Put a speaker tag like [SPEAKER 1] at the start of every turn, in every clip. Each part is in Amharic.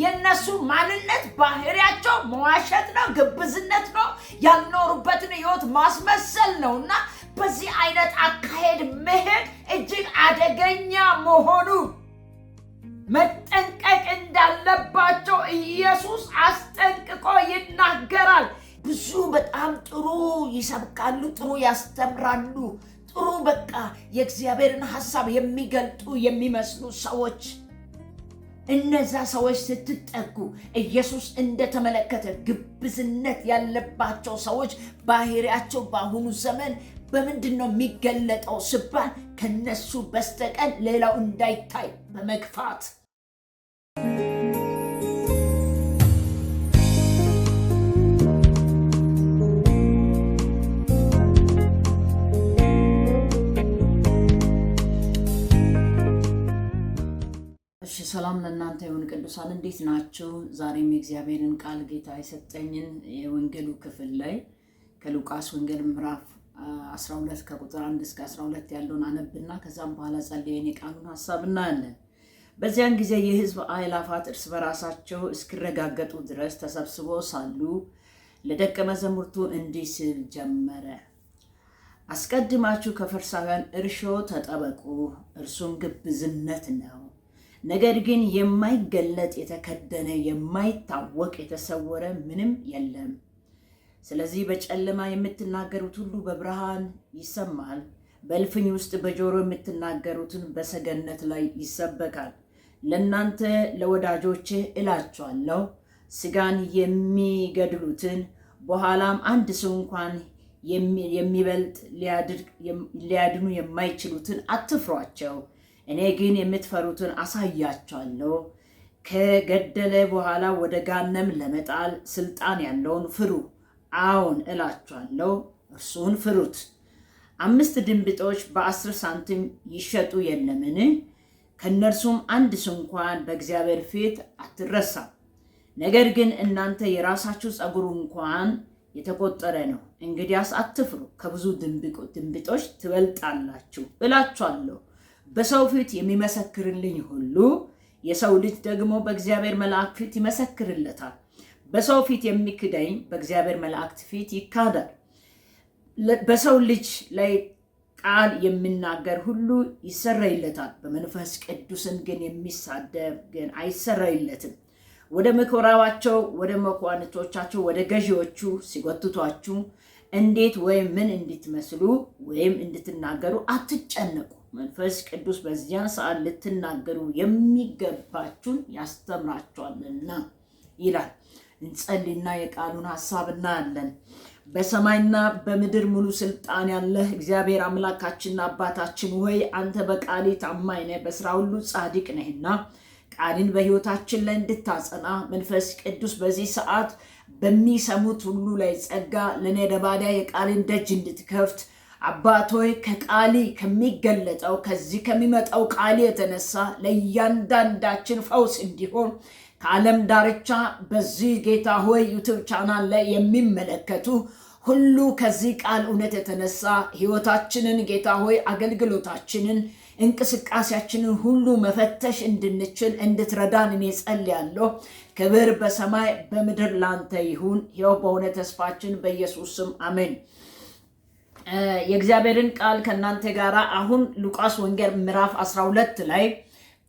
[SPEAKER 1] የእነሱ ማንነት ባህሪያቸው መዋሸት ነው፣ ግብዝነት ነው፣ ያልኖሩበትን ህይወት ማስመሰል ነው እና በዚህ አይነት አካሄድ መሄድ እጅግ አደገኛ መሆኑ መጠንቀቅ እንዳለባቸው ኢየሱስ አስጠንቅቆ ይናገራል። ብዙ በጣም ጥሩ ይሰብካሉ፣ ጥሩ ያስተምራሉ፣ ጥሩ በቃ የእግዚአብሔርን ሀሳብ የሚገልጡ የሚመስሉ ሰዎች እነዛ ሰዎች ስትጠጉ ኢየሱስ እንደተመለከተ ግብዝነት ያለባቸው ሰዎች ባህሪያቸው በአሁኑ ዘመን በምንድን ነው የሚገለጠው ስባል ከነሱ በስተቀን ሌላው እንዳይታይ በመግፋት
[SPEAKER 2] ሰላም ለእናንተ ይሁን ቅዱሳን፣ እንዴት ናችሁ? ዛሬም የእግዚአብሔርን ቃል ጌታ የሰጠኝን የወንጌሉ ክፍል ላይ ከሉቃስ ወንጌል ምዕራፍ 12 ከቁጥር 1 እስከ 12 ያለውን አነብና ከዛም በኋላ ጸልየን የቃሉን ሀሳብ እናያለን። በዚያን ጊዜ የሕዝብ አእላፋት እርስ በራሳቸው እስኪረጋገጡ ድረስ ተሰብስቦ ሳሉ ለደቀ መዛሙርቱ እንዲህ ሲል ጀመረ። አስቀድማችሁ ከፈሪሳውያን እርሾ ተጠበቁ፣ እርሱም ግብዝነት ነው ነገር ግን የማይገለጥ የተከደነ የማይታወቅ የተሰወረ ምንም የለም። ስለዚህ በጨለማ የምትናገሩት ሁሉ በብርሃን ይሰማል፣ በእልፍኝ ውስጥ በጆሮ የምትናገሩትን በሰገነት ላይ ይሰበካል። ለእናንተ ለወዳጆችህ እላችኋለሁ ስጋን የሚገድሉትን በኋላም አንድ ሰው እንኳን የሚበልጥ ሊያድኑ የማይችሉትን አትፍሯቸው። እኔ ግን የምትፈሩትን አሳያቸዋለሁ። ከገደለ በኋላ ወደ ጋነም ለመጣል ስልጣን ያለውን ፍሩ። አዎን እላችኋለሁ እርሱን ፍሩት። አምስት ድንብጦች በአስር ሳንቲም ይሸጡ የለምን? ከእነርሱም አንድ ስንኳን በእግዚአብሔር ፊት አትረሳም። ነገር ግን እናንተ የራሳችሁ ፀጉር እንኳን የተቆጠረ ነው። እንግዲያስ አትፍሩ፣ ከብዙ ድንብጦች ትበልጣላችሁ እላችኋለሁ። በሰው ፊት የሚመሰክርልኝ ሁሉ የሰው ልጅ ደግሞ በእግዚአብሔር መላእክት ፊት ይመሰክርለታል። በሰው ፊት የሚክደኝ በእግዚአብሔር መላእክት ፊት ይካዳል። በሰው ልጅ ላይ ቃል የሚናገር ሁሉ ይሰረይለታል፣ በመንፈስ ቅዱስን ግን የሚሳደብ ግን አይሰረይለትም። ወደ ምኩራባቸው ወደ መኳንቶቻቸው ወደ ገዢዎቹ ሲጎትቷችሁ እንዴት ወይም ምን እንድትመስሉ ወይም እንድትናገሩ አትጨነቁ መንፈስ ቅዱስ በዚያን ሰዓት ልትናገሩ የሚገባችሁን ያስተምራችኋልና ይላል። እንጸልና የቃሉን ሀሳብ እናያለን። በሰማይና በምድር ሙሉ ስልጣን ያለህ እግዚአብሔር አምላካችንና አባታችን ሆይ አንተ በቃሌ ታማኝ ነህ፣ በስራ ሁሉ ጻድቅ ነህና ቃልን በሕይወታችን ላይ እንድታጸና መንፈስ ቅዱስ በዚህ ሰዓት በሚሰሙት ሁሉ ላይ ጸጋ ለነደባዳ የቃልን ደጅ እንድትከፍት አባቶይ ከቃሊ ከሚገለጠው ከዚህ ከሚመጣው ቃል የተነሳ ለእያንዳንዳችን ፈውስ እንዲሆን ከዓለም ዳርቻ በዚህ ጌታ ሆይ ዩቱብ ቻናል ላይ የሚመለከቱ ሁሉ ከዚህ ቃል እውነት የተነሳ ሕይወታችንን ጌታ ሆይ አገልግሎታችንን እንቅስቃሴያችንን ሁሉ መፈተሽ እንድንችል እንድትረዳን እኔ ጸልያለሁ። ክብር በሰማይ በምድር ላንተ ይሁን። ይኸው በሆነ ተስፋችን በኢየሱስ ስም አሜን። የእግዚአብሔርን ቃል ከእናንተ ጋር አሁን ሉቃስ ወንጌል ምዕራፍ 12 ላይ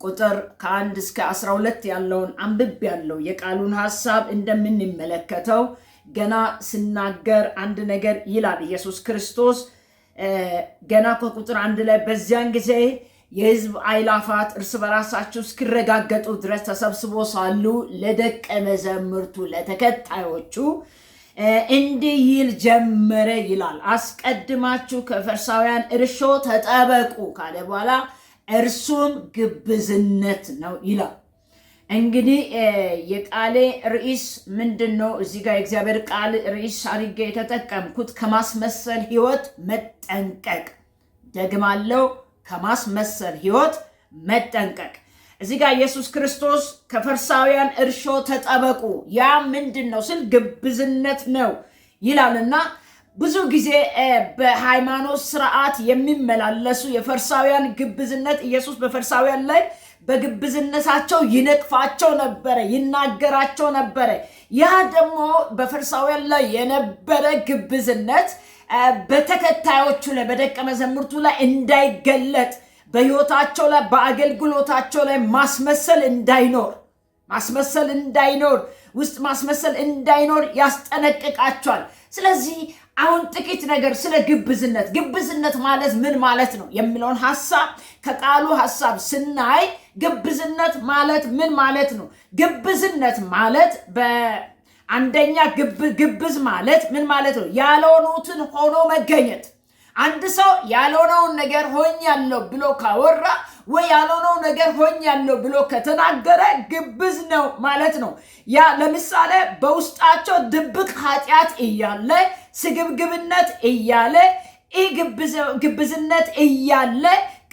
[SPEAKER 2] ቁጥር ከአንድ እስከ 12 ያለውን አንብብ ያለው የቃሉን ሀሳብ እንደምንመለከተው ገና ስናገር አንድ ነገር ይላል ኢየሱስ ክርስቶስ ገና ከቁጥር አንድ ላይ በዚያን ጊዜ የሕዝብ አይላፋት እርስ በራሳቸው እስኪረጋገጡ ድረስ ተሰብስቦ ሳሉ ለደቀ መዘምርቱ ለተከታዮቹ እንዲህ ይል ጀመረ ይላል። አስቀድማችሁ ከፈሪሳውያን እርሾ ተጠበቁ ካለ በኋላ እርሱም ግብዝነት ነው ይላል። እንግዲህ የቃሌ ርዕስ ምንድን ነው? እዚህ ጋር የእግዚአብሔር ቃል ርዕስ አድርጌ የተጠቀምኩት ከማስመሰል ህይወት መጠንቀቅ። ደግማለው፣ ከማስመሰል ህይወት መጠንቀቅ እዚህ ጋር ኢየሱስ ክርስቶስ ከፈሪሳውያን እርሾ ተጠበቁ፣ ያ ምንድን ነው ስል ግብዝነት ነው ይላልና ብዙ ጊዜ በሃይማኖት ስርዓት የሚመላለሱ የፈሪሳውያን ግብዝነት ኢየሱስ በፈሪሳውያን ላይ በግብዝነታቸው ይነቅፋቸው ነበረ፣ ይናገራቸው ነበረ። ያ ደግሞ በፈሪሳውያን ላይ የነበረ ግብዝነት በተከታዮቹ ላይ በደቀ መዛሙርቱ ላይ እንዳይገለጥ በህይወታቸው ላይ በአገልግሎታቸው ላይ ማስመሰል እንዳይኖር ማስመሰል እንዳይኖር ውስጥ ማስመሰል እንዳይኖር ያስጠነቅቃቸዋል። ስለዚህ አሁን ጥቂት ነገር ስለ ግብዝነት ግብዝነት ማለት ምን ማለት ነው የሚለውን ሀሳብ ከቃሉ ሀሳብ ስናይ ግብዝነት ማለት ምን ማለት ነው? ግብዝነት ማለት በአንደኛ ግብዝ ማለት ምን ማለት ነው? ያልሆኑትን ሆኖ መገኘት አንድ ሰው ያልሆነውን ነገር ሆኛለሁ ብሎ ካወራ ወይ ያልሆነው ነገር ሆኛለሁ ብሎ ከተናገረ ግብዝ ነው ማለት ነው። ያ ለምሳሌ በውስጣቸው ድብቅ ኃጢአት እያለ ስግብግብነት እያለ ግብዝነት እያለ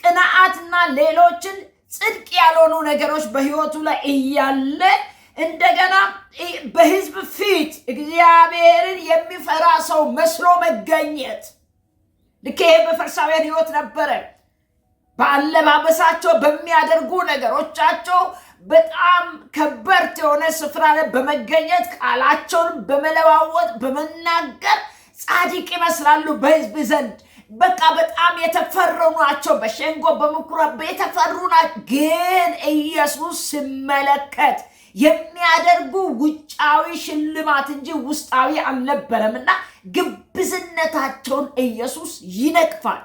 [SPEAKER 2] ቅንዓትና ሌሎችን ጽድቅ ያልሆኑ ነገሮች በህይወቱ ላይ እያለ እንደገና በህዝብ ፊት እግዚአብሔርን የሚፈራ ሰው መስሎ መገኘት ልክ ይሄ በፈሪሳውያን ህይወት ነበረ። በአለባበሳቸው በሚያደርጉ ነገሮቻቸው በጣም ከበርት የሆነ ስፍራ ላይ በመገኘት ቃላቸውን በመለዋወጥ በመናገር ጻድቅ ይመስላሉ በህዝብ ዘንድ። በቃ በጣም የተፈሩ ናቸው። በሸንጎ በምኩራብ የተፈሩ ናቸው። ግን ኢየሱስ ሲመለከት የሚያደርጉ ውጫዊ ሽልማት እንጂ ውስጣዊ አልነበረምና ግብ ግብዝነታቸውን ኢየሱስ ይነቅፋል።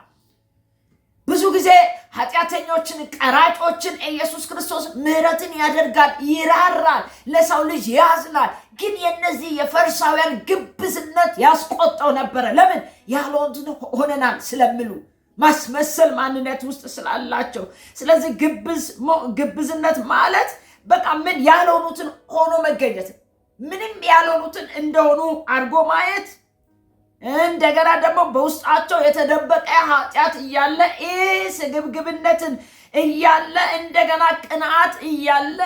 [SPEAKER 2] ብዙ ጊዜ ኃጢአተኞችን፣ ቀራጮችን ኢየሱስ ክርስቶስ ምሕረትን ያደርጋል፣ ይራራል፣ ለሰው ልጅ ያዝናል። ግን የእነዚህ የፈሪሳውያን ግብዝነት ያስቆጠው ነበረ። ለምን ያልሆኑትን ሆነናል ስለሚሉ ማስመሰል ማንነት ውስጥ ስላላቸው። ስለዚህ ግብዝነት ማለት በቃ ምን ያልሆኑትን ሆኖ መገኘት፣ ምንም ያልሆኑትን እንደሆኑ አድርጎ ማየት እንደገና ደግሞ በውስጣቸው የተደበቀ ኃጢአት እያለ ስግብግብነትን እያለ እንደገና ቅንዓት እያለ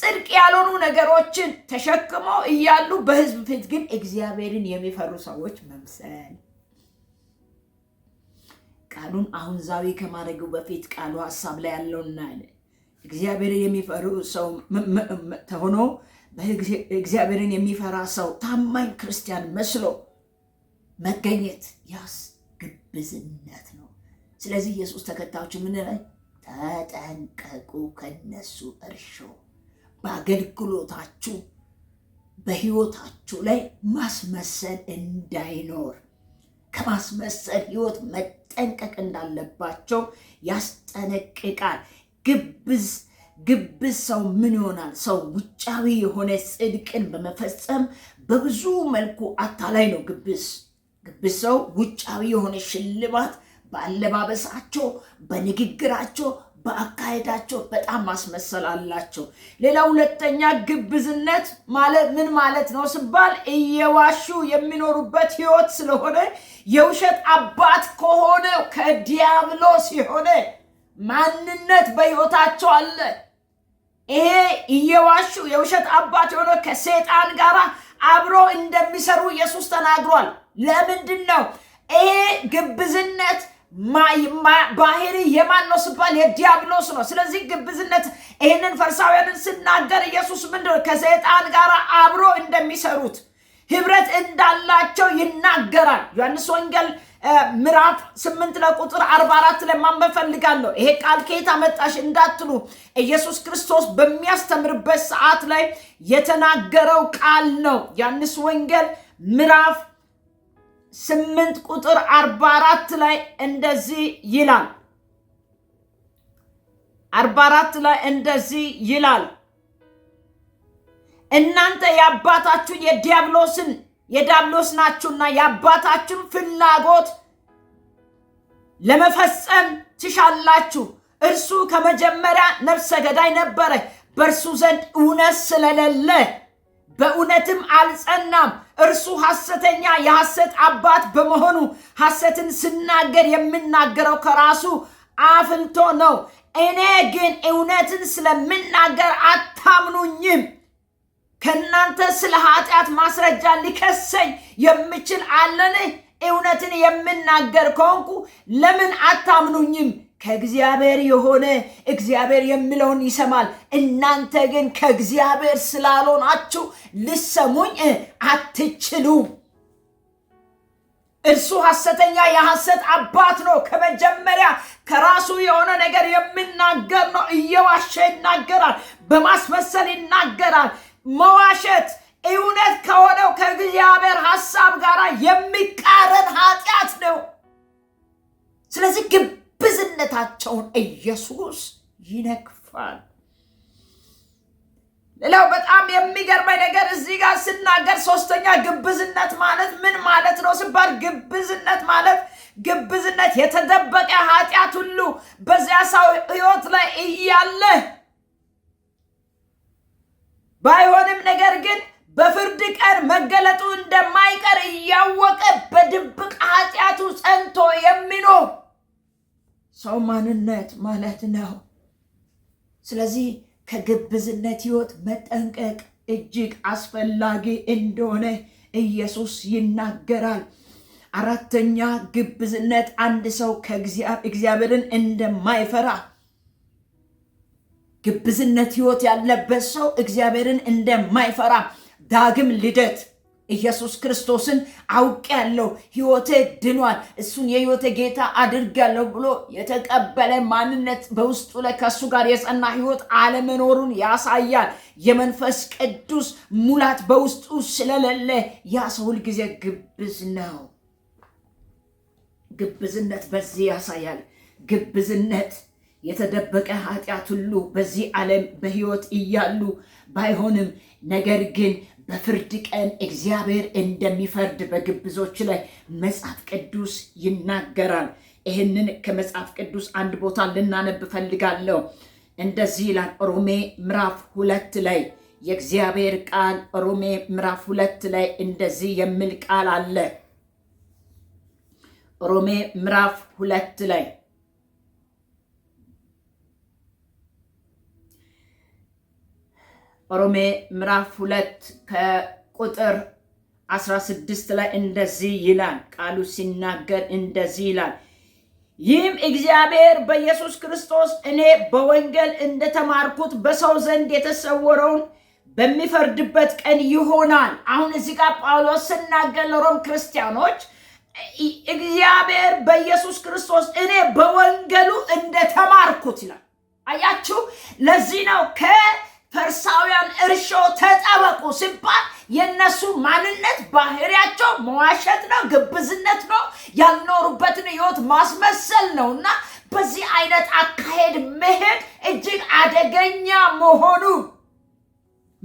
[SPEAKER 2] ጽድቅ ያልሆኑ ነገሮችን ተሸክመው እያሉ በህዝብ ፊት ግን እግዚአብሔርን የሚፈሩ ሰዎች መምሰል። ቃሉን አሁን ዛዊ ከማድረጉ በፊት ቃሉ ሀሳብ ላይ ያለውና እግዚአብሔርን የሚፈሩ ሰው ተሆኖ እግዚአብሔርን የሚፈራ ሰው ታማኝ ክርስቲያን መስሎ መገኘት ያስ ግብዝነት ነው። ስለዚህ ኢየሱስ ተከታዮች የምንለው ተጠንቀቁ ከነሱ እርሾ። በአገልግሎታችሁ በህይወታችሁ ላይ ማስመሰል እንዳይኖር ከማስመሰል ህይወት መጠንቀቅ እንዳለባቸው ያስጠነቅቃል። ግብዝ ግብዝ ሰው ምን ይሆናል? ሰው ውጫዊ የሆነ ጽድቅን በመፈጸም በብዙ መልኩ አታላይ ነው ግብዝ ግብዝ ሰው ውጫዊ የሆነ ሽልማት በአለባበሳቸው፣ በንግግራቸው፣ በአካሄዳቸው በጣም ማስመሰል አላቸው። ሌላ ሁለተኛ ግብዝነት ማለት ምን ማለት ነው ስባል እየዋሹ የሚኖሩበት ህይወት ስለሆነ የውሸት አባት ከሆነ ከዲያብሎስ የሆነ ማንነት በህይወታቸው አለ። ይሄ እየዋሹ የውሸት አባት የሆነ ከሴጣን ጋር አብሮ እንደሚሰሩ ኢየሱስ ተናግሯል። ለምንድን ነው ይሄ ግብዝነት ባህሪ የማን ነው ስባል የዲያብሎስ ነው። ስለዚህ ግብዝነት ይህንን ፈሪሳውያንን ስናገር ኢየሱስ ምንድን ከሰይጣን ጋር አብሮ እንደሚሰሩት ህብረት እንዳላቸው ይናገራል። ዮሐንስ ወንጌል ምዕራፍ ስምንት ለቁጥር አርባ አራት ላይ ማንበብ ፈልጋለሁ። ይሄ ቃል ከየት አመጣሽ እንዳትሉ ኢየሱስ ክርስቶስ በሚያስተምርበት ሰዓት ላይ የተናገረው ቃል ነው። ዮሐንስ ወንጌል ምዕራፍ ስምንት ቁጥር አርባ ላይ እንደዚህ ይላል። አርባ ላይ እንደዚህ ይላል እናንተ የአባታችሁ የዲያብሎስን የዲያብሎስ ናችሁና የአባታችሁን ፍላጎት ለመፈጸም ትሻላችሁ። እርሱ ከመጀመሪያ ነፍሰ ገዳይ ነበረ፣ በእርሱ ዘንድ እውነት ስለሌለ በእውነትም አልጸናም። እርሱ ሐሰተኛ የሐሰት አባት በመሆኑ ሐሰትን ስናገር የምናገረው ከራሱ አፍንቶ ነው። እኔ ግን እውነትን ስለምናገር አታምኑኝም። ከእናንተ ስለ ኃጢአት ማስረጃ ሊከሰኝ የምችል አለን? እውነትን የምናገር ከሆንኩ ለምን አታምኑኝም? ከእግዚአብሔር የሆነ እግዚአብሔር የሚለውን ይሰማል። እናንተ ግን ከእግዚአብሔር ስላልሆናችሁ ልሰሙኝ አትችሉ እርሱ ሐሰተኛ የሐሰት አባት ነው። ከመጀመሪያ ከራሱ የሆነ ነገር የሚናገር ነው። እየዋሸ ይናገራል፣ በማስመሰል ይናገራል። መዋሸት እውነት ከሆነው ከእግዚአብሔር ሐሳብ ጋር የሚቃረን ኃጢአት ነው። ስለዚህ ግብ ግብዝነታቸውን ኢየሱስ ይነግፋል። ሌላው በጣም የሚገርመኝ ነገር እዚህ ጋር ስናገር ሶስተኛ ግብዝነት ማለት ምን ማለት ነው ስባል ግብዝነት ማለት ግብዝነት የተደበቀ ኃጢአት ሁሉ በዚያ ሰው ህይወት ላይ እያለ ባይሆንም ነገር ግን በፍርድ ቀን መገለጡ እንደማይቀር እያወቀ በድብቅ ኃጢአቱ ጸንቶ የሚኖር ሰው ማንነት ማለት ነው። ስለዚህ ከግብዝነት ህይወት መጠንቀቅ እጅግ አስፈላጊ እንደሆነ ኢየሱስ ይናገራል። አራተኛ ግብዝነት አንድ ሰው እግዚአብሔርን እንደማይፈራ ግብዝነት ህይወት ያለበት ሰው እግዚአብሔርን እንደማይፈራ ዳግም ልደት ኢየሱስ ክርስቶስን አውቅ ያለው ህይወቴ ድኗል፣ እሱን የህይወቴ ጌታ አድርጌያለሁ ብሎ የተቀበለ ማንነት በውስጡ ላይ ከእሱ ጋር የጸና ህይወት አለመኖሩን ያሳያል። የመንፈስ ቅዱስ ሙላት በውስጡ ስለሌለ ያ ሰው ሁልጊዜ ግብዝ ነው። ግብዝነት በዚህ ያሳያል። ግብዝነት የተደበቀ ኃጢአት ሁሉ በዚህ ዓለም በህይወት እያሉ ባይሆንም ነገር ግን በፍርድ ቀን እግዚአብሔር እንደሚፈርድ በግብዞች ላይ መጽሐፍ ቅዱስ ይናገራል። ይህንን ከመጽሐፍ ቅዱስ አንድ ቦታ ልናነብ ፈልጋለሁ እንደዚህ ይላል ሮሜ ምዕራፍ ሁለት ላይ የእግዚአብሔር ቃል ሮሜ ምዕራፍ ሁለት ላይ እንደዚህ የሚል ቃል አለ። ሮሜ ምዕራፍ ሁለት ላይ ሮሜ ምዕራፍ ሁለት ከቁጥር 16 ላይ እንደዚህ ይላል ቃሉ ሲናገር እንደዚህ ይላል ይህም እግዚአብሔር በኢየሱስ ክርስቶስ እኔ በወንጌል እንደተማርኩት በሰው ዘንድ የተሰወረውን በሚፈርድበት ቀን ይሆናል። አሁን እዚህ ጋር ጳውሎስ ስናገር ለሮም ክርስቲያኖች እግዚአብሔር በኢየሱስ ክርስቶስ እኔ በወንጌሉ እንደተማርኩት ይላል። አያችሁ፣ ለዚህ ነው ከ ፈሪሳውያን እርሾ ተጠበቁ ሲባል የእነሱ ማንነት ባህሪያቸው መዋሸት ነው፣ ግብዝነት ነው፣ ያልኖሩበትን ህይወት ማስመሰል ነው እና በዚህ አይነት አካሄድ መሄድ እጅግ አደገኛ መሆኑ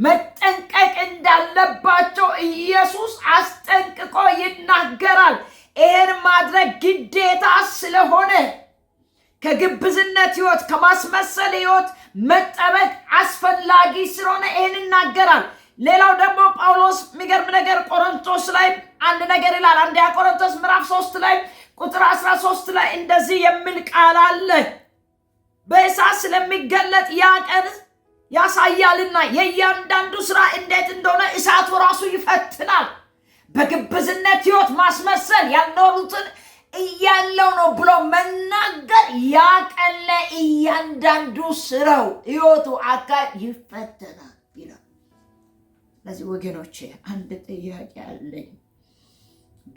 [SPEAKER 2] መጠንቀቅ እንዳለባቸው ኢየሱስ አስጠንቅቆ ይናገራል። ይህን ማድረግ ግዴታ ስለሆነ ከግብዝነት ህይወት ከማስመሰል ህይወት መጠበቅ አስፈላጊ ስለሆነ ይህን ይናገራል። ሌላው ደግሞ ጳውሎስ የሚገርም ነገር ቆሮንቶስ ላይ አንድ ነገር ይላል። አንደኛ ቆሮንቶስ ምዕራፍ ሶስት ላይ ቁጥር አስራ ሶስት ላይ እንደዚህ የሚል ቃል አለ በእሳት ስለሚገለጥ ያ ቀን ያሳያልና የእያንዳንዱ ስራ እንዴት እንደሆነ እሳቱ ራሱ ይፈትናል። በግብዝነት ህይወት ማስመሰል ያልኖሩትን እያለው ነው ብሎ መናገር ያቀለ እያንዳንዱ ስራው ህይወቱ አካል ይፈተናል ይላል። ለዚህ ወገኖቼ አንድ ጥያቄ አለኝ።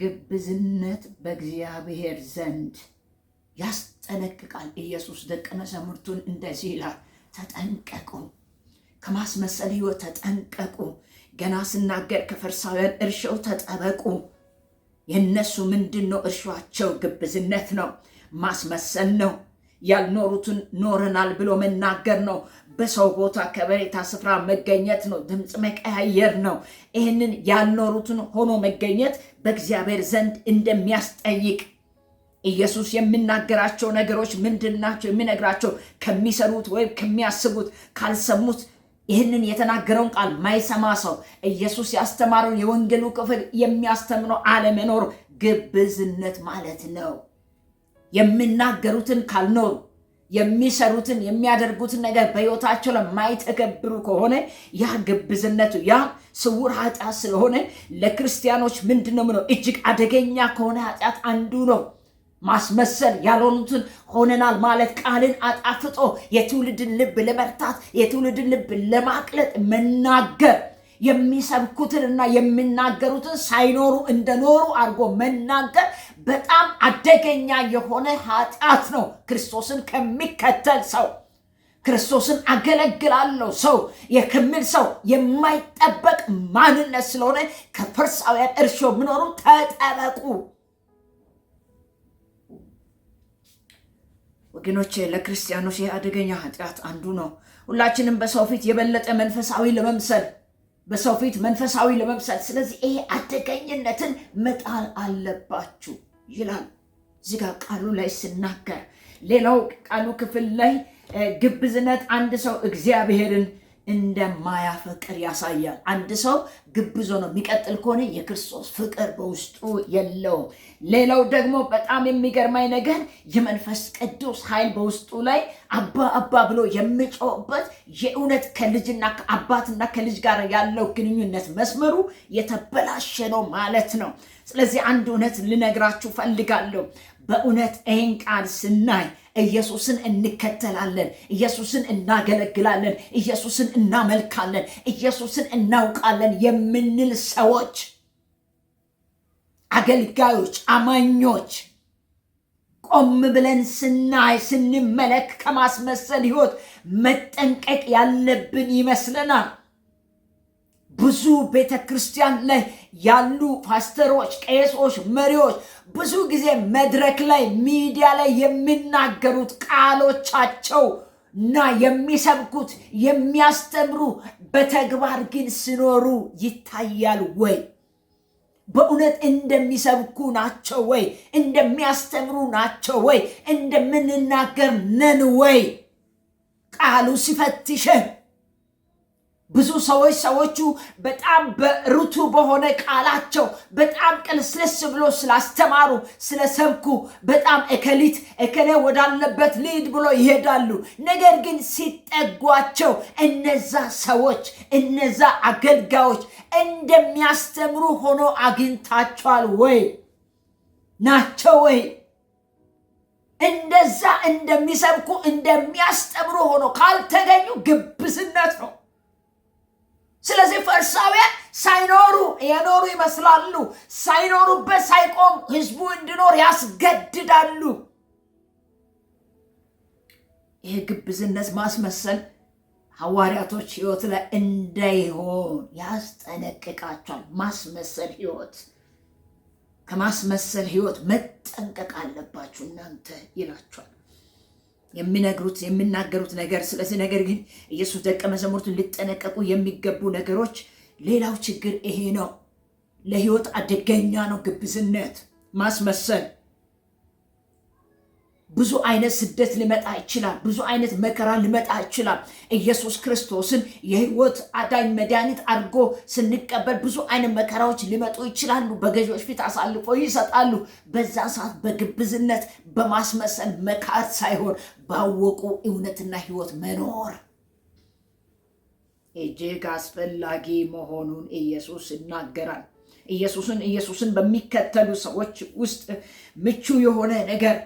[SPEAKER 2] ግብዝነት በእግዚአብሔር ዘንድ ያስጠነቅቃል። ኢየሱስ ደቀ መዛሙርቱን እንደዚህ ይላል፣ ተጠንቀቁ፣ ከማስመሰል ህይወት ተጠንቀቁ፣ ገና ስናገር ከፈሪሳውያን እርሸው ተጠበቁ የእነሱ ምንድን ነው እርሻቸው ግብዝነት ነው፣ ማስመሰል ነው። ያልኖሩትን ኖረናል ብሎ መናገር ነው። በሰው ቦታ ከበሬታ ስፍራ መገኘት ነው። ድምፅ መቀያየር ነው። ይህንን ያልኖሩትን ሆኖ መገኘት በእግዚአብሔር ዘንድ እንደሚያስጠይቅ ኢየሱስ የሚናገራቸው ነገሮች ምንድን ናቸው? የሚነግራቸው ከሚሰሩት ወይም ከሚያስቡት ካልሰሙት ይህንን የተናገረውን ቃል ማይሰማ ሰው ኢየሱስ ያስተማረውን የወንጌሉ ክፍል የሚያስተምረው አለመኖር ግብዝነት ማለት ነው። የሚናገሩትን ካልኖሩ የሚሰሩትን የሚያደርጉትን ነገር በሕይወታቸው ለማይተገብሩ ከሆነ ያ ግብዝነቱ ያ ስውር ኃጢአት ስለሆነ ለክርስቲያኖች ምንድን ነው ምነው እጅግ አደገኛ ከሆነ ኃጢአት አንዱ ነው። ማስመሰል ያልሆኑትን ሆነናል ማለት ቃልን አጣፍጦ የትውልድን ልብ ለመርታት የትውልድን ልብ ለማቅለጥ መናገር የሚሰብኩትንና የሚናገሩትን ሳይኖሩ እንደኖሩ አድርጎ መናገር በጣም አደገኛ የሆነ ኃጢአት ነው። ክርስቶስን ከሚከተል ሰው ክርስቶስን አገለግላለሁ ሰው የክምል ሰው የማይጠበቅ ማንነት ስለሆነ ከፈሪሳውያን እርሾ ምኖሩም ተጠበቁ። ወገኖቼ ለክርስቲያኖች ይህ አደገኛ ኃጢአት አንዱ ነው። ሁላችንም በሰው ፊት የበለጠ መንፈሳዊ ለመምሰል በሰው ፊት መንፈሳዊ ለመምሰል ስለዚህ ይሄ አደገኝነትን መጣል አለባችሁ ይላል እዚህ ቃሉ ላይ ስናገር። ሌላው ቃሉ ክፍል ላይ ግብዝነት አንድ ሰው እግዚአብሔርን እንደማያፈቅር ያሳያል። አንድ ሰው ግብዞ ነው የሚቀጥል ከሆነ የክርስቶስ ፍቅር በውስጡ የለውም። ሌላው ደግሞ በጣም የሚገርማኝ ነገር የመንፈስ ቅዱስ ኃይል በውስጡ ላይ አባ አባ ብሎ የሚጮህበት የእውነት ከልጅና ከአባትና ከልጅ ጋር ያለው ግንኙነት መስመሩ የተበላሸ ነው ማለት ነው። ስለዚህ አንድ እውነት ልነግራችሁ ፈልጋለሁ። በእውነት ይህን ቃል ስናይ ኢየሱስን እንከተላለን፣ ኢየሱስን እናገለግላለን፣ ኢየሱስን እናመልካለን፣ ኢየሱስን እናውቃለን የምንል ሰዎች፣ አገልጋዮች፣ አማኞች ቆም ብለን ስናይ ስንመለክ ከማስመሰል ሕይወት መጠንቀቅ ያለብን ይመስለናል። ብዙ ቤተ ክርስቲያን ላይ ያሉ ፓስተሮች፣ ቄሶች፣ መሪዎች ብዙ ጊዜ መድረክ ላይ ሚዲያ ላይ የሚናገሩት ቃሎቻቸው እና የሚሰብኩት የሚያስተምሩ በተግባር ግን ሲኖሩ ይታያል ወይ? በእውነት እንደሚሰብኩ ናቸው ወይ? እንደሚያስተምሩ ናቸው ወይ? እንደምንናገር ነን ወይ? ቃሉ ሲፈትሸን ብዙ ሰዎች ሰዎቹ በጣም በሩቱ በሆነ ቃላቸው በጣም ቅልስልስ ብሎ ስላስተማሩ ስለሰብኩ በጣም እከሊት እከሌ ወዳለበት ልሂድ ብሎ ይሄዳሉ። ነገር ግን ሲጠጓቸው እነዛ ሰዎች እነዛ አገልጋዮች እንደሚያስተምሩ ሆኖ አግኝታቸዋል ወይ ናቸው ወይ እንደዛ እንደሚሰብኩ እንደሚያስተምሩ ሆኖ ካልተገኙ ግብዝነት ነው። ስለዚህ ፈሪሳውያን ሳይኖሩ የኖሩ ይመስላሉ። ሳይኖሩበት ሳይቆም ህዝቡ እንዲኖር ያስገድዳሉ። ይህ ግብዝነት ማስመሰል ሐዋርያቶች ህይወት ላይ እንዳይሆን ያስጠነቅቃቸዋል። ማስመሰል ህይወት ከማስመሰል ህይወት መጠንቀቅ አለባችሁ እናንተ ይላቸዋል። የሚነግሩት የሚናገሩት ነገር። ስለዚህ ነገር ግን ኢየሱስ ደቀ መዛሙርቱን ሊጠነቀቁ የሚገቡ ነገሮች፣ ሌላው ችግር ይሄ ነው። ለህይወት አደገኛ ነው ግብዝነት ማስመሰል ብዙ አይነት ስደት ሊመጣ ይችላል። ብዙ አይነት መከራ ሊመጣ ይችላል። ኢየሱስ ክርስቶስን የህይወት አዳኝ መድኃኒት አድርጎ ስንቀበል ብዙ አይነት መከራዎች ሊመጡ ይችላሉ። በገዢዎች ፊት አሳልፎ ይሰጣሉ። በዛ ሰዓት በግብዝነት በማስመሰል መካት ሳይሆን ባወቁ እውነትና ህይወት መኖር እጅግ አስፈላጊ መሆኑን ኢየሱስ ይናገራል። ኢየሱስን ኢየሱስን በሚከተሉ ሰዎች ውስጥ ምቹ የሆነ ነገር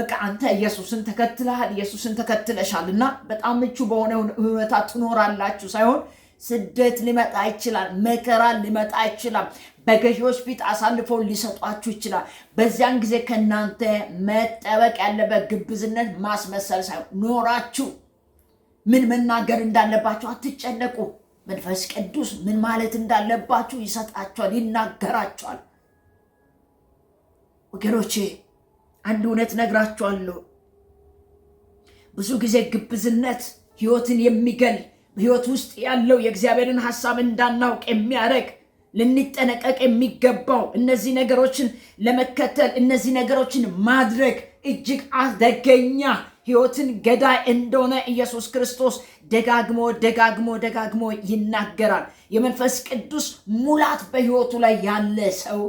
[SPEAKER 2] በቃ አንተ ኢየሱስን ተከትለሃል፣ ኢየሱስን ተከትለሻል እና በጣም ምቹ በሆነ ሁኔታ ትኖራላችሁ ሳይሆን ስደት ሊመጣ ይችላል። መከራ ሊመጣ ይችላል። በገዢዎች ፊት አሳልፎ ሊሰጧችሁ ይችላል። በዚያን ጊዜ ከእናንተ መጠበቅ ያለበት ግብዝነት ማስመሰል ሳይሆን ኖራችሁ ምን መናገር እንዳለባችሁ አትጨነቁ። መንፈስ ቅዱስ ምን ማለት እንዳለባችሁ ይሰጣችኋል፣ ይናገራችኋል ወገኖቼ አንድ እውነት ነግራችኋለሁ። ብዙ ጊዜ ግብዝነት ህይወትን የሚገል ህይወት ውስጥ ያለው የእግዚአብሔርን ሀሳብ እንዳናውቅ የሚያደርግ ልንጠነቀቅ የሚገባው እነዚህ ነገሮችን ለመከተል እነዚህ ነገሮችን ማድረግ እጅግ አደገኛ ህይወትን ገዳይ እንደሆነ ኢየሱስ ክርስቶስ ደጋግሞ ደጋግሞ ደጋግሞ ይናገራል። የመንፈስ ቅዱስ ሙላት በህይወቱ ላይ ያለ ሰው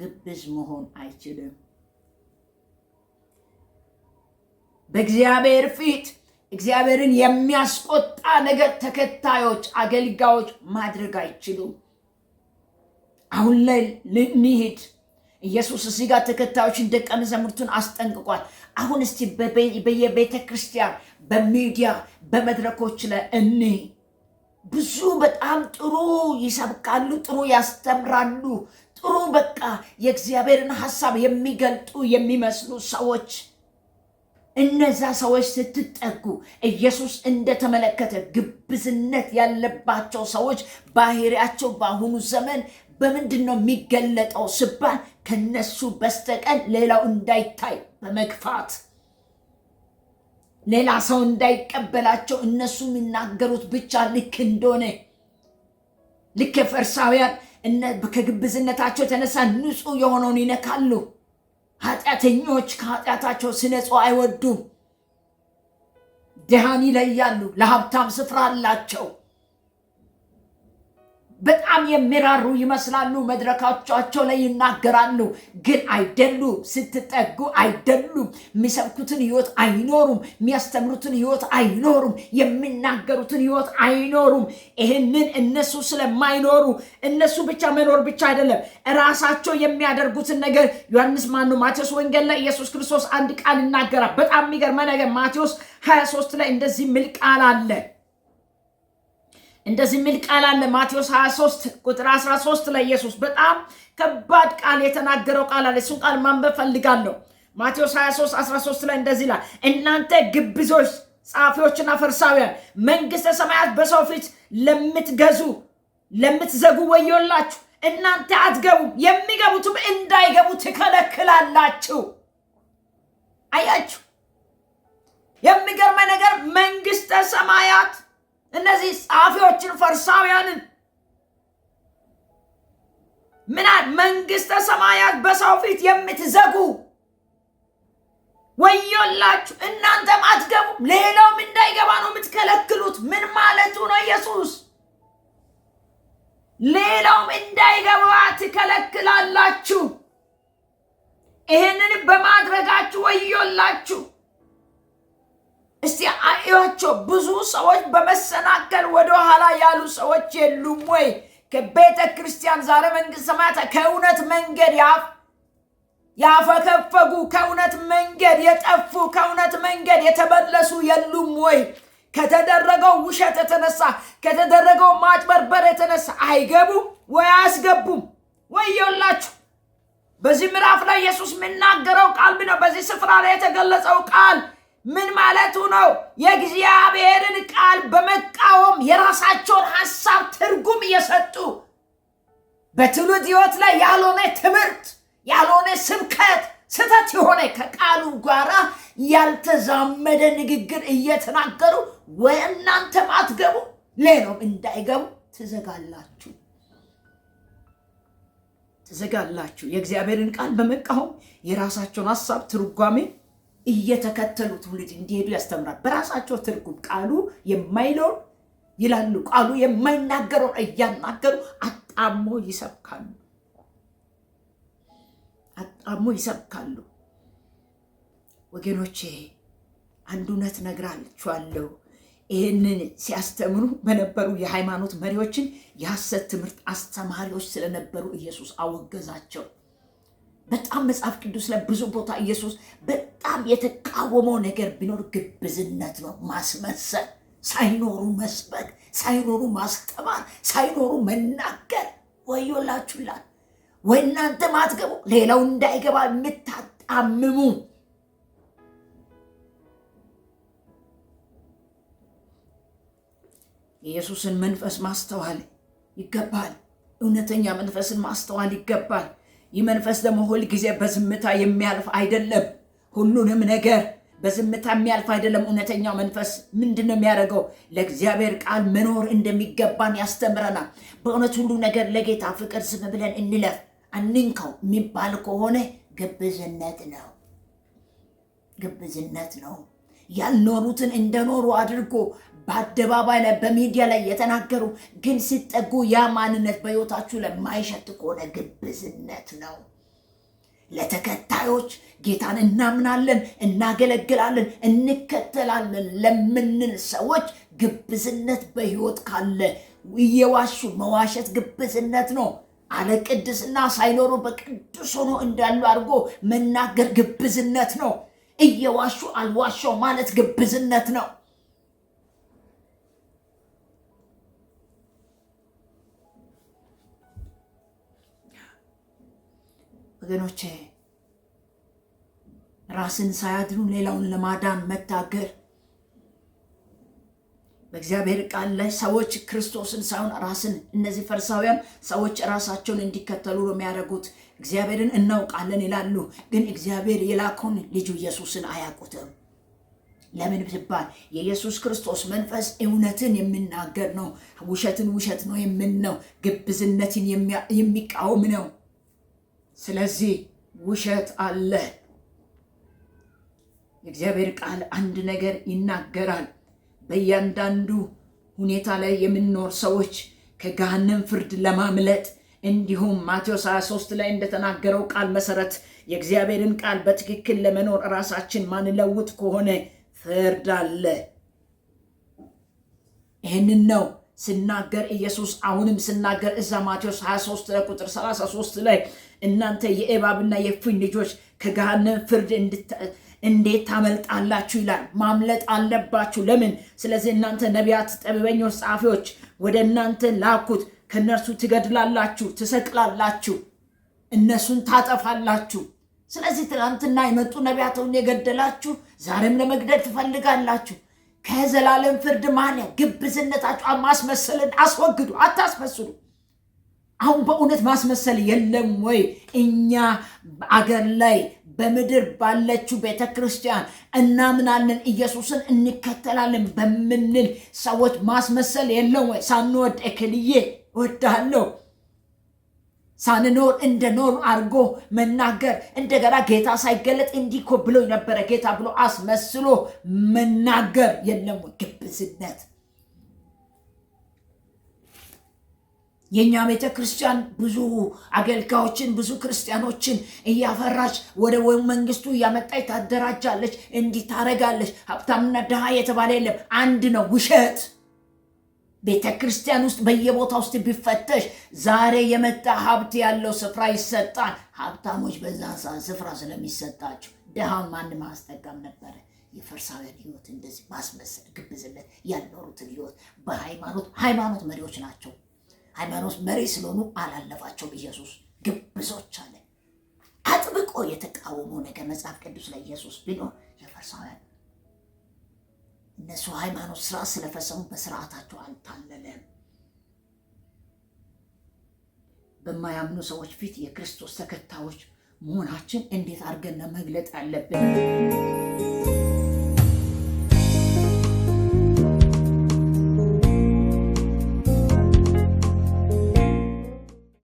[SPEAKER 2] ግብዝ መሆን አይችልም። በእግዚአብሔር ፊት እግዚአብሔርን የሚያስቆጣ ነገር ተከታዮች አገልጋዮች ማድረግ አይችሉም። አሁን ላይ ልንሄድ ኢየሱስ እዚህ ጋር ተከታዮችን ደቀ መዛሙርቱን አስጠንቅቋል። አሁን እስቲ በየቤተ ክርስቲያን፣ በሚዲያ፣ በመድረኮች ላይ እኔ ብዙ በጣም ጥሩ ይሰብካሉ፣ ጥሩ ያስተምራሉ፣ ጥሩ በቃ የእግዚአብሔርን ሀሳብ የሚገልጡ የሚመስሉ ሰዎች እነዛ ሰዎች ስትጠጉ ኢየሱስ እንደተመለከተ ግብዝነት ያለባቸው ሰዎች ባህሪያቸው በአሁኑ ዘመን በምንድን ነው የሚገለጠው ስባል ከነሱ በስተቀን ሌላው እንዳይታይ በመግፋት ሌላ ሰው እንዳይቀበላቸው እነሱ የሚናገሩት ብቻ ልክ እንደሆነ ልክ የፈሪሳውያን ከግብዝነታቸው የተነሳ ንጹህ የሆነውን ይነካሉ። ኃጢአተኞች ከኃጢአታቸው ሲነጹ አይወዱም። ድሃን ይለያሉ፣ ለሀብታም ስፍራ አላቸው። በጣም የሚራሩ ይመስላሉ፣ መድረካቸው ላይ ይናገራሉ፣ ግን አይደሉም። ስትጠጉ አይደሉም። የሚሰብኩትን ህይወት አይኖሩም። የሚያስተምሩትን ህይወት አይኖሩም። የሚናገሩትን ህይወት አይኖሩም። ይህንን እነሱ ስለማይኖሩ እነሱ ብቻ መኖር ብቻ አይደለም ራሳቸው የሚያደርጉትን ነገር ዮሐንስ ማኑ ማቴዎስ ወንጌል ላይ ኢየሱስ ክርስቶስ አንድ ቃል ይናገራል። በጣም የሚገርመ ነገር ማቴዎስ 23 ላይ እንደዚህ ምል ቃል አለ እንደዚህ የሚል ቃል አለ ማቴዎስ 23 ቁጥር 13 ላይ ኢየሱስ በጣም ከባድ ቃል የተናገረው ቃል አለ። እሱን ቃል ማንበብ ፈልጋለሁ። ማቴዎስ 23 13 ላይ እንደዚህ ይላል፣ እናንተ ግብዞች ጻፊዎችና ፈሪሳውያን፣ መንግስተ ሰማያት በሰው ፊት ለምትገዙ ለምትዘጉ ወዮላችሁ። እናንተ አትገቡም፣ የሚገቡትም እንዳይገቡ ትከለክላላችሁ። አያችሁ፣ የሚገርመ ነገር መንግስተ ሰማያት እነዚህ ጻፊዎችን ፈሪሳውያንን ምናል መንግስተ ሰማያት በሰው ፊት የምትዘጉ ወዮላችሁ፣ እናንተም አትገቡ ሌላውም እንዳይገባ ነው የምትከለክሉት። ምን ማለቱ ነው ኢየሱስ? ሌላውም እንዳይገባ ትከለክላላችሁ። ይህንን በማድረጋችሁ ወዮላችሁ። እስቲ እዩዋቸው። ብዙ ሰዎች በመሰናከል ወደኋላ ያሉ ሰዎች የሉም ወይ? ከቤተ ክርስቲያን ዛሬ መንግስት ሰማያት ከእውነት መንገድ ያፈከፈጉ ከእውነት መንገድ የጠፉ ከእውነት መንገድ የተመለሱ የሉም ወይ? ከተደረገው ውሸት የተነሳ ከተደረገው ማጭበርበር የተነሳ አይገቡም ወይ አያስገቡም ወይ? የላችሁ በዚህ ምዕራፍ ላይ ኢየሱስ የሚናገረው ቃል ነው። በዚህ ስፍራ ላይ የተገለጸው ቃል ምን ማለቱ ነው? የእግዚአብሔርን ቃል በመቃወም የራሳቸውን ሀሳብ ትርጉም እየሰጡ በትውልድ ሕይወት ላይ ያልሆነ ትምህርት ያልሆነ ስብከት ስህተት የሆነ ከቃሉ ጋር ያልተዛመደ ንግግር እየተናገሩ ወይ እናንተም አትገቡ ሌሎም እንዳይገቡ ትዘጋላችሁ ትዘጋላችሁ። የእግዚአብሔርን ቃል በመቃወም የራሳቸውን ሀሳብ ትርጓሜ እየተከተሉ ትውልድ እንዲሄዱ ያስተምራል። በራሳቸው ትርጉም ቃሉ የማይለውን ይላሉ፣ ቃሉ የማይናገረውን እያናገሩ አጣሞ ይሰብካሉ። አጣሞ ይሰብካሉ። ወገኖቼ አንድ እውነት ነግራችኋለሁ። ይህንን ሲያስተምሩ በነበሩ የሃይማኖት መሪዎችን የሐሰት ትምህርት አስተማሪዎች ስለነበሩ ኢየሱስ አወገዛቸው። በጣም መጽሐፍ ቅዱስ ላይ ብዙ ቦታ ኢየሱስ በጣም የተቃወመው ነገር ቢኖር ግብዝነት ነው። ማስመሰል፣ ሳይኖሩ መስበክ፣ ሳይኖሩ ማስተማር፣ ሳይኖሩ መናገር። ወዮላችሁላል ወይ እናንተ ማትገቡ ሌላው እንዳይገባ የምታጣምሙ የኢየሱስን መንፈስ ማስተዋል ይገባል። እውነተኛ መንፈስን ማስተዋል ይገባል። ይህ መንፈስ ደግሞ ጊዜ በዝምታ የሚያልፍ አይደለም። ሁሉንም ነገር በዝምታ የሚያልፍ አይደለም። እውነተኛው መንፈስ ምንድን ነው የሚያደርገው? ለእግዚአብሔር ቃል መኖር እንደሚገባን ያስተምረናል። በእውነት ሁሉ ነገር ለጌታ ፍቅር ዝም ብለን እንለፍ አንንካው የሚባል ከሆነ ግብዝነት ነው፣ ግብዝነት ነው። ያልኖሩትን እንደኖሩ አድርጎ በአደባባይ ላይ በሚዲያ ላይ የተናገሩ ግን ሲጠጉ ያ ማንነት በሕይወታችሁ ለማይሸት ከሆነ ግብዝነት ነው። ለተከታዮች ጌታን እናምናለን፣ እናገለግላለን፣ እንከተላለን ለምንል ሰዎች ግብዝነት በሕይወት ካለ እየዋሹ መዋሸት ግብዝነት ነው። አለ ቅድስና ሳይኖሩ በቅዱስ ሆኖ እንዳሉ አድርጎ መናገር ግብዝነት ነው። እየዋሹ አልዋሸው ማለት ግብዝነት ነው። ወገኖቼ ራስን ሳያድኑ ሌላውን ለማዳን መታገል በእግዚአብሔር ቃል ላይ ሰዎች ክርስቶስን ሳይሆን ራስን እነዚህ ፈሪሳውያን ሰዎች ራሳቸውን እንዲከተሉ ነው የሚያደርጉት። እግዚአብሔርን እናውቃለን ይላሉ፣ ግን እግዚአብሔር የላከውን ልጁ ኢየሱስን አያውቁትም። ለምን ብትባል የኢየሱስ ክርስቶስ መንፈስ እውነትን የሚናገር ነው፣ ውሸትን ውሸት ነው የምን ነው ግብዝነትን የሚቃወም ነው። ስለዚህ ውሸት አለ። የእግዚአብሔር ቃል አንድ ነገር ይናገራል። በእያንዳንዱ ሁኔታ ላይ የምንኖር ሰዎች ከገሃነም ፍርድ ለማምለጥ እንዲሁም ማቴዎስ 23 ላይ እንደተናገረው ቃል መሰረት የእግዚአብሔርን ቃል በትክክል ለመኖር ራሳችን ማንለውጥ ከሆነ ፍርድ አለ። ይህንን ነው ስናገር ኢየሱስ አሁንም ስናገር እዛ ማቴዎስ 23 ቁጥር 33 ላይ እናንተ የእባብና የፉኝ ልጆች ከገሃነም ፍርድ እንዴት ታመልጣላችሁ? ይላል። ማምለጥ አለባችሁ። ለምን? ስለዚህ እናንተ ነቢያት፣ ጠበበኞች፣ ጸሐፊዎች ወደ እናንተ ላኩት። ከእነርሱ ትገድላላችሁ፣ ትሰቅላላችሁ፣ እነሱን ታጠፋላችሁ። ስለዚህ ትናንትና የመጡ ነቢያተውን የገደላችሁ ዛሬም ለመግደል ትፈልጋላችሁ። ከዘላለም ፍርድ ማለ ግብዝነታችሁ ማስመሰልን አስወግዱ። አታስመስሉ። አሁን በእውነት ማስመሰል የለም ወይ? እኛ አገር ላይ በምድር ባለችው ቤተ ክርስቲያን እናምናለን፣ ኢየሱስን እንከተላለን በምንል ሰዎች ማስመሰል የለም ወይ? ሳንወድ እክልዬ ወዳለው ሳንኖር ኖር አድርጎ መናገር እንደገና ጌታ ሳይገለጥ እንዲኮ ብሎ ነበረ ጌታ ብሎ አስመስሎ መናገር የለም ወይ? ግብዝነት የእኛ ቤተ ክርስቲያን ብዙ አገልጋዮችን ብዙ ክርስቲያኖችን እያፈራች ወደ መንግስቱ እያመጣች ታደራጃለች፣ እንዲህ ታደርጋለች። ሀብታምና ድሃ የተባለ የለም፣ አንድ ነው። ውሸት። ቤተ ክርስቲያን ውስጥ በየቦታ ውስጥ ቢፈተሽ ዛሬ የመጣ ሀብት ያለው ስፍራ ይሰጣል። ሀብታሞች በዛ ስፍራ ስለሚሰጣቸው ድሃ አንድ ማስጠቀም ነበረ። የፈርሳውያን ህይወት እንደዚህ ማስመሰል፣ ግብዝነት ያልኖሩትን ህይወት በሃይማኖት ሃይማኖት መሪዎች ናቸው ሃይማኖት መሪ ስለሆኑ አላለፋቸውም። ኢየሱስ ግብዞች አለ። አጥብቆ የተቃወመው ነገር መጽሐፍ ቅዱስ ላይ ኢየሱስ ቢኖር የፈሪሳውያን እነሱ ሃይማኖት ስራ ስለፈሰሙ በስርዓታቸው አልታለለም። በማያምኑ ሰዎች ፊት የክርስቶስ ተከታዮች መሆናችን እንዴት አድርገን መግለጥ አለብን?